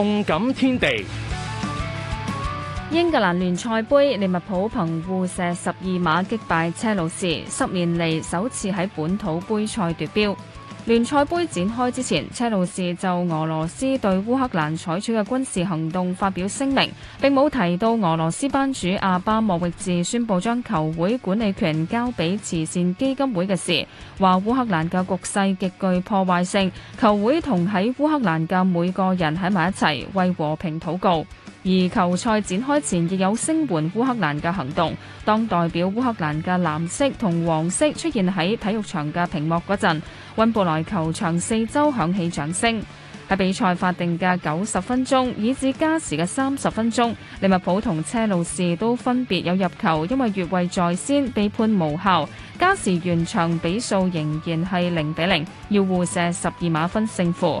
動感天地， 英格蘭聯賽杯，利物浦憑互射十二碼擊敗車路士，十年嚟首次喺本土杯賽奪標。聯賽盃展開之前，車路士就俄羅斯對烏克蘭採取嘅軍事行動發表聲明，並冇提到俄羅斯班主阿巴莫域治宣布將球會管理權交俾慈善基金會嘅事，話烏克蘭嘅局勢極具破壞性，球會同喺烏克蘭嘅每個人喺埋一齊為和平禱告。而球賽展開前亦有聲援烏克蘭嘅行動。當代表烏克蘭嘅藍色同黃色出現喺體育場嘅屏幕嗰陣，溫布萊球場四周響起掌聲。喺比賽法定嘅九十分鐘，以至加時嘅三十分鐘，利物浦同車路士都分別有入球，因為越位在先被判無效。加時完場比數仍然係零比零，要互射十二碼分勝負。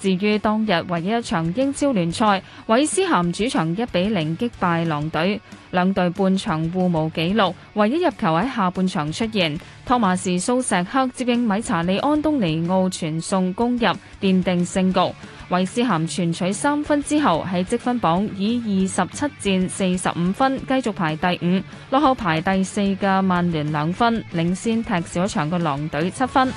至於當日唯一一場英超聯賽，韋斯咸主場一比零擊敗狼隊，兩隊半場互無紀錄，唯一入球喺下半場出現。湯馬士蘇錫克接應米查利安東尼奧傳送攻入，奠定勝局。韋斯咸全取三分之後，喺積分榜以二十七戰四十五分繼續排第五，落後排第四嘅曼聯兩分，領先踢少一場嘅狼隊七分。